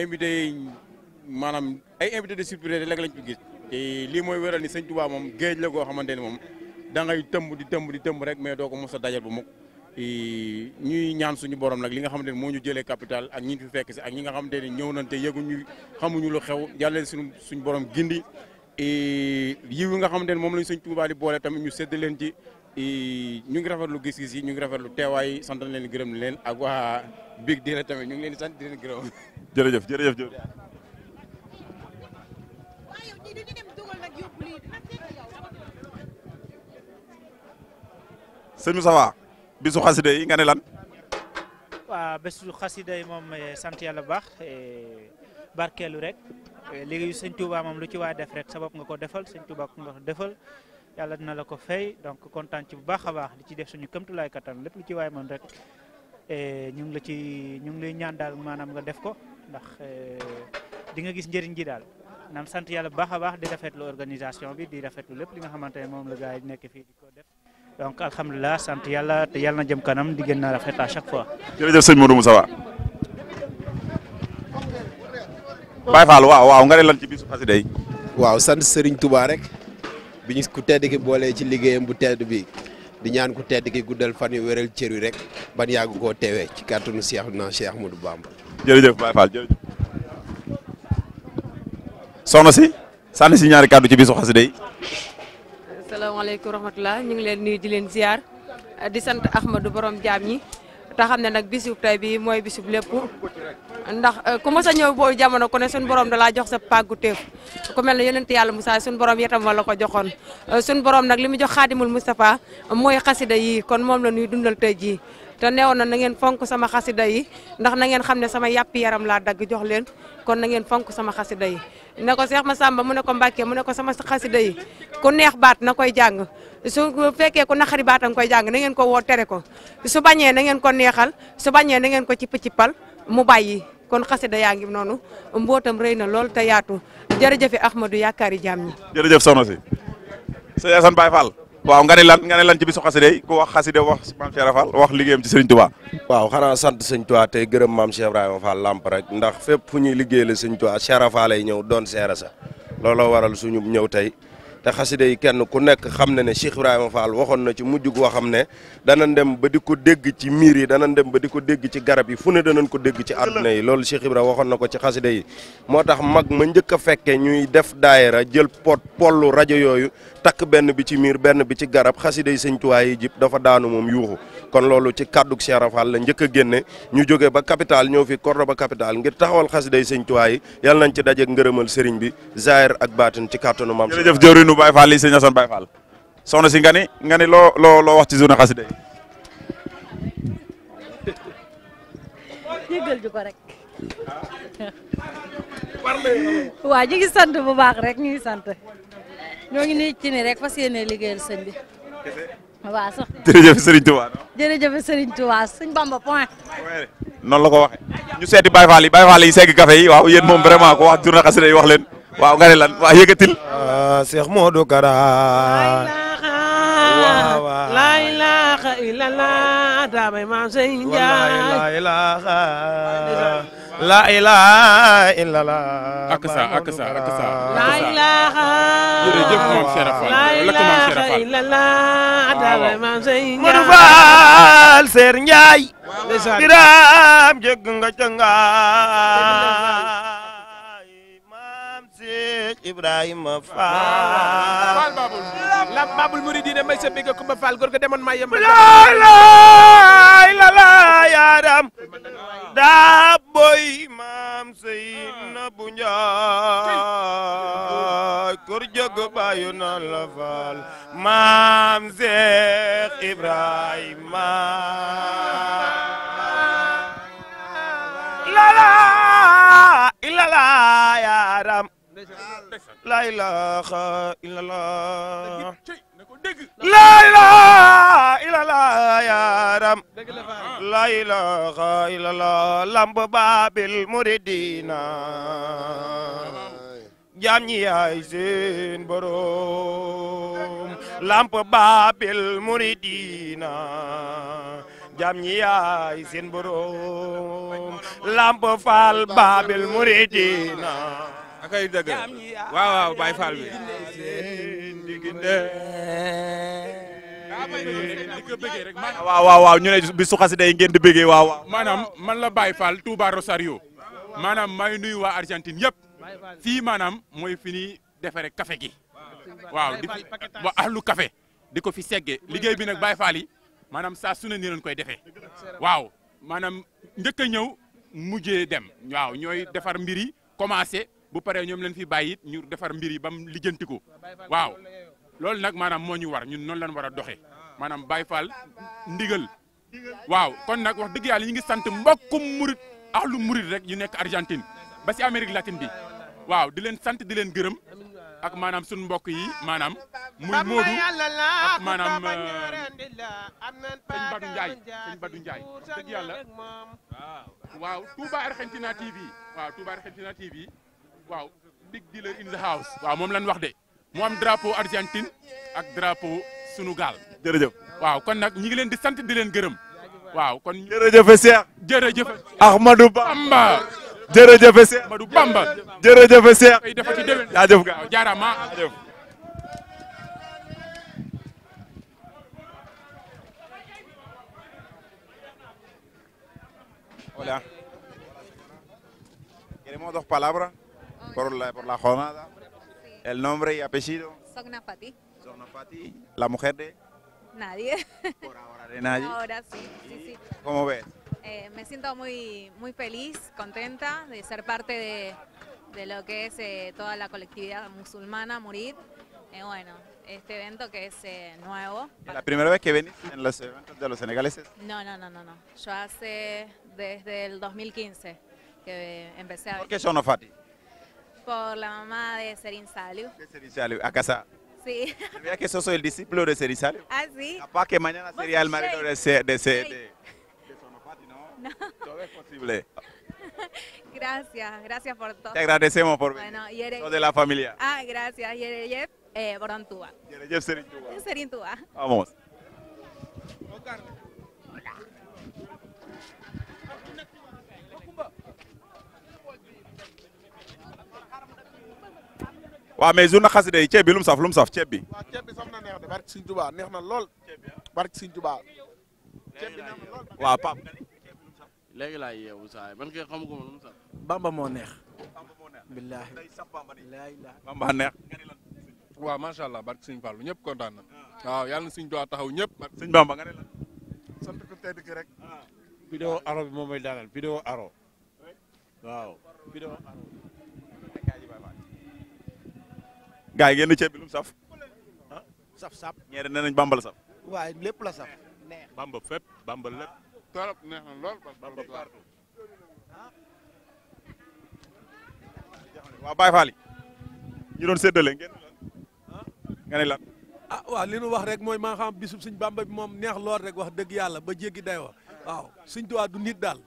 invité yi maanaam ay invité de surprise rek lañ ci gis te lii mooy wéral ni sëñ Touba moom géej la goo xamante ni moom da ngay tëmb di tëmb di tëmb rek mais doo ko mos a dajal bu mukk ñuy ñaan suñu borom nag li nga xamante ni moo ñu jëlee capital ak ñi fi fekk si ak ñi nga xamante ni ñëw nañ te yëguñu xamuñu lu xew yàlla suñu suñu borom gindi yiw yi nga xamante ni moom lañ sëñ Touba di boole tamit ñu sédd leen ci ñu ngi rafetlu gis-gis yi ñu ngi lu teewaay yi leen gërëm leen ak waa Big Deal tamit ñu ngi leen di sant di leen gërëm. jërëjëf jërëjëf jërëjëf. sëñ Moussa Wa bisu xasida yi nga ne lan. waaw bésu xasida yi moom eh, sant yàlla baax eh, barkeelu rek eh, liggéeyu sëñ Touba moom lu ci waa def rek sabab nga ko defal sëñ Touba nga ko defal. yàlla dina la ko fay donc kontaan ci bu baax a baax di ci def suñu këmtulaay kattan lépp lu ci waay mën rek eh, ñu ngi la ci ñu ngi lay ñaan daal maanaam nga def ko ndax eh, di nga gis njëriñ ji daal naan sant yàlla bu baax a baax di rafetlu organisation bi di rafetlu lépp li nga xamante ne moom la gars yi nekk fii di ko def donc alhamdulilah sant yàlla te yàlla na jëm kanam di gën a rafet à chaque fois. jërëjëf sëñ Modou Moussa Ba. Baye Fall waaw waaw nga ne lan ci bisu xasida yi. waaw sant rek. bi ñu ku tedd ki boolee ci liggéeyam bu tedd bi di ñaan ku tedd ki guddal fan yu wéral cër yi rek ban yàgg koo teewee ci kàttanu Cheikh na Cheikh Ahmadou Bamba. jërëjëf Baye Fall jërëjëf. soxna si sànni si ñaari kàddu ci bisu xasida yi. asalaamaaleykum wa rahmatulah ñu ngi leen nuyu di leen ziar di sant Ahmadou borom jaam ñi. te xam ne nag bisub tey bi mooy bisub lépp ndax euh, ku mos a ñëw boo jamono ku ne suñu borom da laa jox sa pàggu téef ku mel ne yonent yàlla Moussa suñu borom yetam ma la ko joxoon euh, suñu borom nag li mu jox xaadimul Moustapha mooy xasida yi kon moom la nuy dundal tey jii te neewoon na na ngeen fonk sama xasida yi ndax na ngeen xam ne sama yàpp yaram laa dagg jox leen kon na ngeen fonk sama xasida yi ne ko ma Massamba mu ne ko Mbacke mu ne ko sama xasida yi ku neex baat na koy jàng su fekkee ku naqari baat nga koy jàng na ngeen ko woo tere ko su bañee na ngeen ko neexal su bañee na ngeen ko cipp cippal mu bàyyi kon xasida yaa ngi noonu mbootam rëy na lool te yaatu jërëjëf Ahmadou yaakaari jaam ñi. jërëjëf soxna si. Sëñ Assane waaw nga ne lan nga ne lan ci bisu xaside yi ku wax xaside wax maam Cheikh Fall wax liggéeyam ci Serigne Touba. waaw xanaa sant Serigne Touba tey gërëm maam Cheikh Ibrahima Fall lamp rek ndax fépp fu ñuy liggéey la Serigne Touba Cheikh ñëw doon seera sa looloo waral suñu ñëw tey te xasida yi kenn ku nekk xam na ne Cheikh Ibrahima Fall waxoon na ci mujj goo xam ne danañ dem ba di ko dégg ci miir yi danañ dem ba di ko dégg ci garab yi fu ne danañ ko dégg ci àdduna yi loolu Cheikh Ibrahima waxoon na ko ci xasida yi moo tax mag ma njëkk a fekkee ñuy def daayira jël pot pollu rajo yooyu takk benn bi ci miir benn bi ci garab xasida yi sëñ tuwaay yi jib dafa daanu moom yuuxu kon loolu ci kàddug Cheikh Rafal la njëkk a génne ñu jóge ba capital ñëw fi Cordoba capital ngir taxawal xasiday sëñ Tuubaa yi yal nañ ci dajeeg ngërëmal sëriñ bi zaahir ak baatin ci kàttanu maam. jërëjëf jëwriñu Baye Fall yi sëñ Assane si nga ni nga loo loo loo wax ci journée rek. waaw ñu sant bu baax rek ñu ngi ñoo ngi nii ci ni rek fas yéene liggéeyal sëñ bi. waaw sax jërëjëf Serigne Touba. jërëjëf Serigne Touba suñ la ko waxee. ñu seeti Baye Fall yi Baye Fall yi segg café yi waaw yéen moom vraiment ko wax journée xasida yi wax leen waaw nga ne lan waaw yëkkatil. Ah, Cheikh Modou Kara. waaw waaw la ilaha illallah. damay laa ilaaha illallah. ak sa ak sa ak sa. laa ilaaha jërëjëf moom Cheikh Fall. laa ilaaha illallah. waaw Modou Fall Seer Ndiaye. waaw Biram jëgg nga jëngaa. Cheikh Ibrahima Fall. Fall Babul la Babul Mouridine may sa bëgg Kumba Fall góor ga demoon maa yem. laa ilaaha yaaram daa boy maam Seydina bu Njaay kor jóg bàyyu na la maam Cheikh Ibrahima. laa laa ilaaha illallah laa ilaaha illallah yaaram laa ilaaha illallah lamb baabil muridina jaam ñi yaay seen borom lamp baabil muridina jam ñi yaay seen borom lamp faal baabil muridina akay dëgg ah, waaw waaw Baye Fall bi waaw waaw waaw ñu bi su xasida yi ngeen di bëggee waaw waaw maanaam man la Baye Fall Touba Rosario maanaam may nuyu waa Argentine yëpp fii maanaam mooy fi ñuy defaree kafe gi waaw di wa ahlu di ko fi segge liggéey bi nag Baye Fall yi maanaam saa su nii lañ koy defee waaw maanaam njëkk a ñëw mujjee dem waaw ñooy defar mbir yi commencé bu paree ñoom leen fi bàyyi it ñu defar mbir yi ba mu waaw loolu nag maanaam moo ñu war ñun noonu lañ war a doxee ah. maanaam Baye Fall ndigal waaw kon nag wax dëgg yàlla ñu ngi sant mbokkum murit ahlu murit rek yu nekk Argentine ba si Amérique latine bi waaw di leen sant di leen gërëm ak maanaam sunu mbokk yi maanaam muy Moodu ak maanaam euh, sëñ Badou Ndiaye sëñ dëgg yàlla waaw Touba Argentina TV waaw Touba Argentina TV waaw big dealer in the house waaw moom lañ wax de mu am drapeau Argentine ak drapeau sunu gaal. jërëjëf waaw kon nag ñi ngi leen di sant di leen gërëm. waaw kon jërëjëf Cheikh. jërëjëf Ahmadou Bamba. jërëjëf Cheikh Ahmadou Bamba. jërëjëf Cheikh. ay dafa ci déwén por la, jornada. El nombre y apellido. Sognafati. Sognafati, la mujer de... Nadie. ahora sí, sí, sí. ¿Cómo ves? Eh, me siento muy, feliz, contenta de ser parte de, lo que es eh, toda la colectividad musulmana, Murid. Eh, este evento que es nuevo. ¿La primera vez que venís en los eventos de los senegaleses? No, no, no, Yo hace desde que empecé a... ¿Por qué son Por la mamá de Serinsalio. De a casa. Sí. Mira que sos el discípulo de Serinsalio. Ah, sí. que mañana sería el marido de, de, de, Sonopati, ¿no? Todo es posible. Gracias, gracias por todo. Te agradecemos por venir. Bueno, Yere... de la familia. Ah, gracias. Yereyef eh, Borontuba. Yereyef Serintuba. waaw mais journée xasida yi ceeb bi lu mu saf lu mu saf ceeb bi. waaw ceeb bi saf na neex na lool barke Sëriñ Tuubaa. ceeb bi neex na lool waaw Pape. yeewu saa yi man kay xam Bamba moo neex. billaahi Bamba neex. waaw macha allah barke Sëriñ Fallu ñëpp kontaan na. Ah. waaw yàlla na Sëriñ Tuubaa taxaw ñëpp. barke Sëriñ Bamba nga ne la. sant ah. aro mooy daanal vidéo aro waaw gaa yi ngeen di ceeb bi lu mu saf. saf saf ñeere nee bambal saf. waaye lépp la saf. bamba fépp bamba lépp. torop neex na lool bamba partout. waa Baye Fall yi doon séddale ngeen nga ne ah waaw li nu wax rek mooy maa xam bisub suñ bamba moom neex lool rek wax dëgg yàlla ba jéggi day wax waaw suñ tuwaa du nit daal.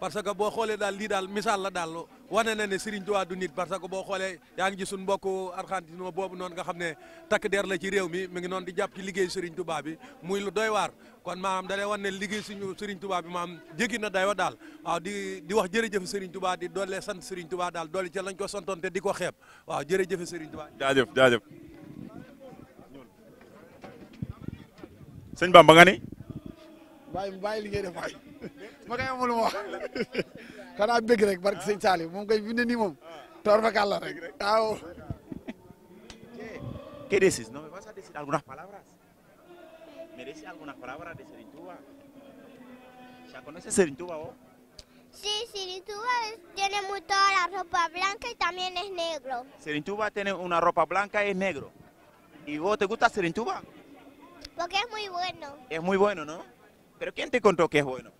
parce que boo xoolee daal lii daal misaal la daal wane na ne Serigne Touba du nit parce que boo xoolee yaa ngi gis suñu mbokku argentino boobu noonu nga xam ne takk der la ci réew mi mi ngi noonu di jàpp ci liggéey Serigne Touba bi muy lu doy waar kon maanaam da lay liggéey suñu Serigne Touba bi maanaam jéggi na dayoo daal waaw di di wax jërëjëf Serigne Touba di doole sant Serigne Touba daal doole ca lañ ko santoon te di ko xeeb waaw jërëjëf Serigne Touba. jaajëf jaajëf. sëñ Bamba nga ni bàyyi mu bàyyi li ngay def waay ma koy amul wax xanaa bëgg rek barke sëñ Saliou moom koy fi ne nii moom toor fa kàlla rek waaw. ¿Qué dices? ¿No me vas a decir algunas palabras? ¿Me dices algunas palabras de Serigne Touba? ¿Ya conoces Serigne Touba vos? Sí, Serigne Touba tiene mucho la ropa blanca y también es negro. Serigne Touba tiene una ropa blanca y es negro. ¿Y vos te gusta Serigne Touba? Porque es muy bueno. Es muy bueno, ¿no? pero ¿quién te contó que es bueno?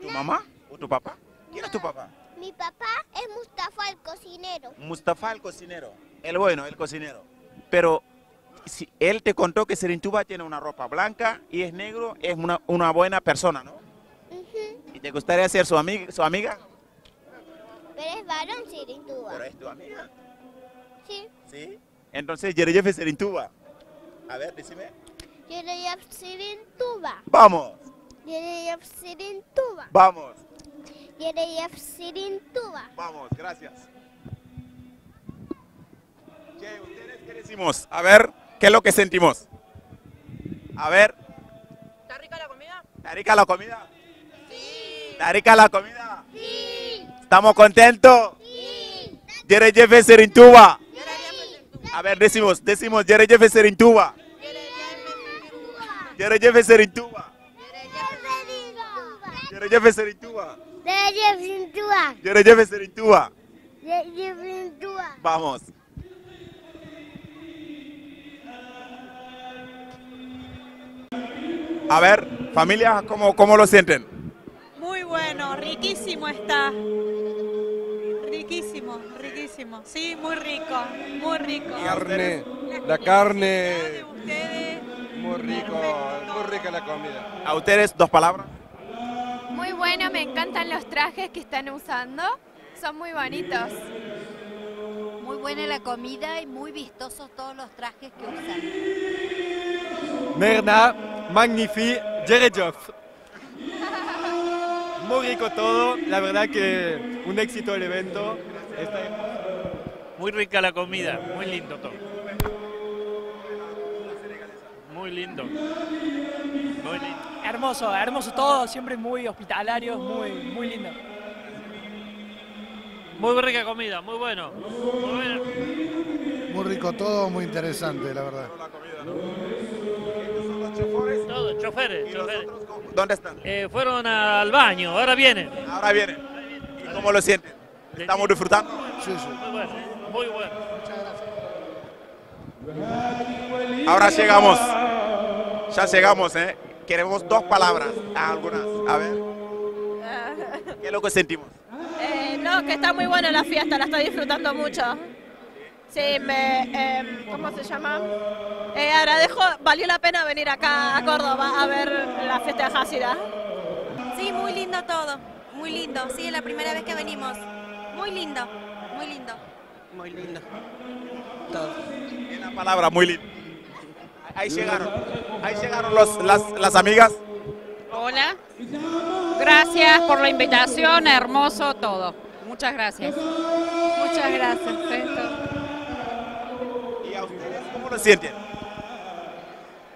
¿Tu mamá o tu papá? ¿Quién es tu papá? Mi papá es Mustafa el cocinero. Mustafa el cocinero, el bueno, el cocinero. Pero si él te contó que Serintuba tiene una ropa blanca y es negro, es una, buena persona, ¿Y te gustaría ser su, amiga, Pero es varón Serintuba. ¿Pero es tu amiga? Sí. Entonces, Yereyefe Serintuba. A ver, decime. Quiero ir en Tuba. Vamos. Quiero ir en Tuba. Vamos. Quiero ir en Tuba. Vamos, gracias. Che, ¿ustedes qué decimos? A ver, ¿qué es lo que sentimos? A ver. ¿Está rica la comida? ¿Está rica la comida? Sí. ¿Está rica la comida? Sí. ¿Estamos contentos? Sí. Jerry Jefferson en Tuba. A ver, decimos, decimos Jerry Jefferson en Tuba. jërëjëf Serigne Touba. jërëjëf Serigne Touba. jërëjëf Serigne Vamos. A ver, familia, ¿cómo, lo sienten? Muy bueno, riquísimo está. Riquísimo, riquísimo. Sí, muy rico, muy rico. Carne, la carne. muy rico, muy rica la comida. ¿A ustedes bonitos. Muy buena la comida y muy vistosos todos los trajes que usan. Merna, magnifique, Jerejov. Muy rico todo, la verdad que un éxito el evento. Muy rica la comida, muy lindo todo. muy lindo. Hermoso, todo, siempre muy hospitalarios, muy, lindo. Muy rico todo, muy interesante, la verdad. choferes? choferes, ¿Dónde están? Eh, fueron al baño, ahora vienen. Ahora vienen. ¿Y ahora cómo lo sienten? ¿Estamos disfrutando? muy bueno. Ahora llegamos ya llegamos, ¿eh? Queremos dos palabras, algunas, a ver. ¿Qué es lo que sentimos? Eh, no, que está muy buena la fiesta, la estoy disfrutando mucho. Sí, ¿cómo se llama? Eh, valió la pena venir acá a Córdoba a ver la fiesta de Sí, muy lindo todo, muy lindo. Sí, es la primera vez que venimos. Muy lindo, muy lindo. Todo. En la palabra, muy lindo. Ahí llegaron, ahí llegaron los, las, las amigas. Hola, gracias por la invitación, hermoso todo. Muchas gracias. Muchas gracias. ¿Y a ustedes cómo lo sienten?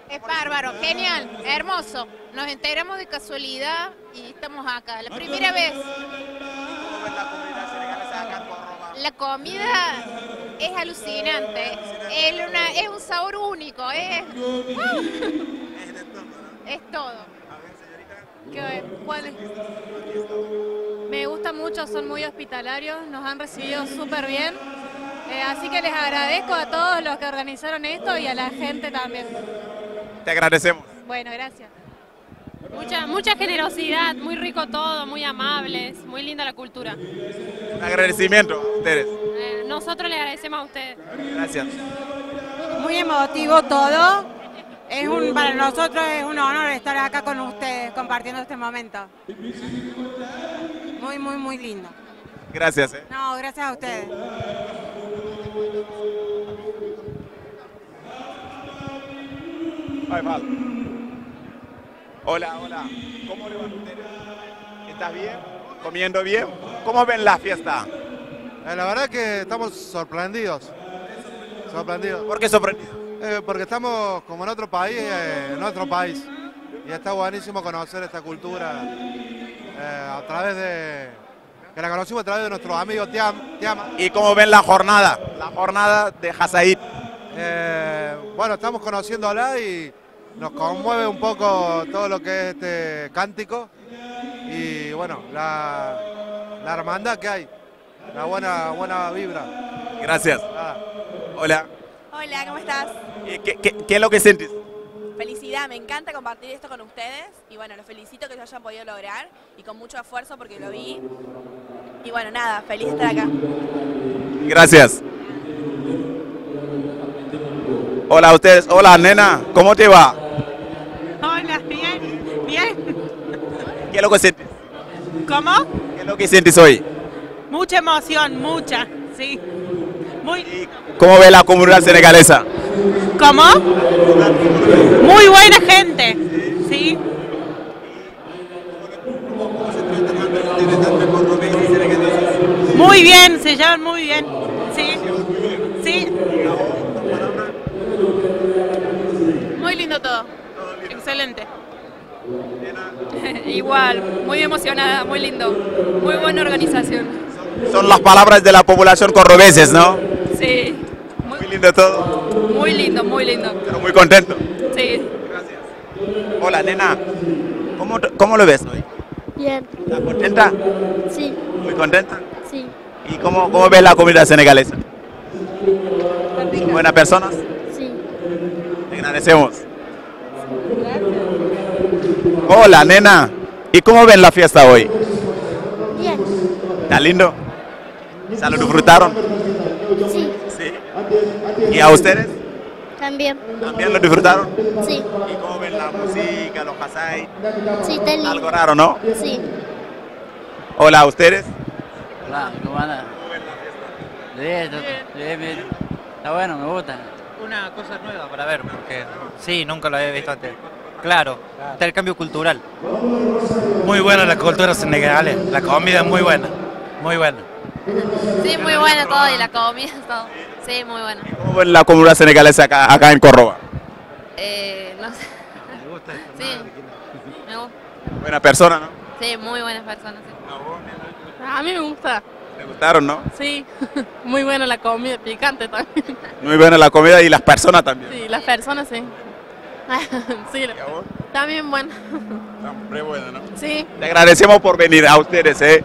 Es bárbaro, genial, hermoso. Nos enteramos de casualidad y estamos acá, la primera vez. ¿Cómo es la comida senegalesa acá en Roma? La comida es alucinante. Es, una, es un sabor único, ¿eh? es. ¡Ah! Es de todo, ¿no? Es todo. A ver, señorita. ¿Qué, ¿Cuál es? Me gusta mucho, son muy hospitalarios, nos han recibido súper bien. Eh, así que les agradezco a todos los que organizaron esto y a la gente también. Te agradecemos. Bueno, gracias. Mucha, mucha generosidad, muy rico todo, muy amables, muy linda la cultura. Un agradecimiento a ustedes. nosotros le agradecemos a ustedes. Muy emotivo todo. para nosotros es un honor estar acá compartiendo este momento. Muy, muy, lindo. Gracias. bien? ¿Comiendo bien? ¿Cómo ven la fiesta? Eh, la verdad que estamos sorprendidos. sorprendidos. ¿Por qué sorprendidos? Eh, porque estamos como en otro país, eh, en nuestro país. Y está buenísimo conocer esta cultura eh, a través de... que la conocimos a través de nuestro amigo Tiam, Tiama. ¿Y cómo ven la jornada? La jornada de Hasaid. Eh, bueno, estamos conociéndola y nos conmueve un poco todo lo que es este cántico y bueno, la, la hermandad que hay. Ah, buena, buena vibra. Gracias. Ah. Hola. Hola, ¿cómo estás? Eh, ¿qué, es lo que sentís? Felicidad, me encanta compartir esto con ustedes y bueno, los felicito que lo hayan podido lograr y con mucho esfuerzo porque lo vi. Y bueno, nada, feliz de estar Gracias. Hola ustedes, hola nena, ¿cómo te va? Hola, bien, ¿Qué es lo que sientes? ¿Cómo? ¿Qué es lo que sientes hoy? Mucha emoción, mucha, sí. Muy ¿Cómo ve la comunidad senegalesa? ¿Cómo? Muy buena gente, sí. Muy bien, se llevan muy bien, sí, sí. Muy lindo todo, excelente. Igual, muy emocionada, muy lindo, muy buena organización. Son las palabras de la población cordobeses, ¿no? Sí. Muy, muy lindo todo. Muy lindo, muy lindo. Pero muy contento. Sí. Gracias. Hola, nena. ¿Cómo, cómo lo ves hoy? Bien. ¿Estás contenta? Sí. ¿Muy contenta? Sí. ¿Y cómo, cómo ves la comunidad senegalesa? ¿Son buenas personas? Sí. Te agradecemos. Gracias. Hola, nena. ¿Y cómo ven la fiesta hoy? Bien. ¿Está lindo? ¿Ya lo disfrutaron? Sí. ¿Sí? ¿Y a ustedes? También. ¿También lo disfrutaron? Sí. ¿Y cómo ven la música, los hasai? Sí, está lindo. Algo raro, ¿no? Sí. Hola, ¿a ustedes? Hola, ¿cómo andan? ¿Cómo ven la fiesta? Bien, bien, bien. Está bueno, me gusta. Una cosa nueva para ver, porque sí, nunca lo había visto antes. Claro, claro. está el cambio cultural. Muy buena la cultura senegalesa, la comida muy buena, muy buena. Sí, muy bueno todo y la comida, todo. Sí, muy bueno. comunidad senegalesa acá, acá en eh, Sí, me Buena persona, ¿no? Sí, muy buenas personas. A mí me gusta. ¿Te gustaron, no? Sí, muy buena la comida, picante también. Muy buena la comida y las personas también. Sí, las personas sí. también buena. Sí. Te agradecemos por venir a ustedes, ¿eh?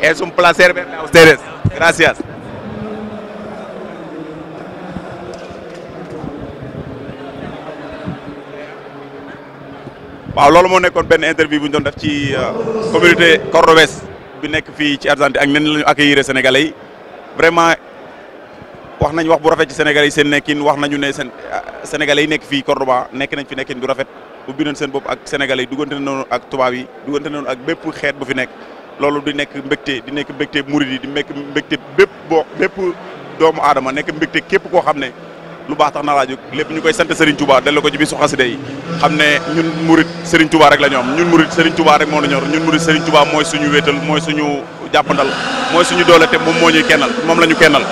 Es un placer verle a ustedes. Gracias. waaw loolu moo nekkoon benn interview bu ñu doon def ci euh, communauté cordobès bi nekk fii ci Argentine ak nen la ñu accueillir Sénégalais yi vraiment wax wax bu rafet ci Sénégalais yi seen nekkin wax nañu ne seen euh, Sénégalais yi nekk fii Cordoba nekk nañ fi nekkin bu rafet u nañ seen bopp ak Sénégalais yi duggante nañu ak tubaab yi duggante nañu ak bépp xeet bu fi nekk loolu di nekk mbégte di nekk mbégte murid yi di nekk mbégte bépp boo bépp doomu aadama nekk mbégte képp koo xam ne lu baax tax na laa jóg lépp ñu koy sant Serigne Touba delloo ko ci bisu xasida yi xam ne ñun murid Serigne Touba rek la am ñun murid Serigne tubaa rek moo na ñor ñun murid Serigne Touba mooy suñu wéetal mooy suñu jàppandal mooy suñu doole te moom moo ñuy kennal moom la ñu kennal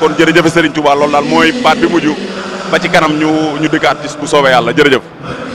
kon jërëjëf Serigne Touba loolu daal mooy baat bi mujj ba ci kanam ñu ñu dëkkaat ci bu soobee yàlla jërëjëf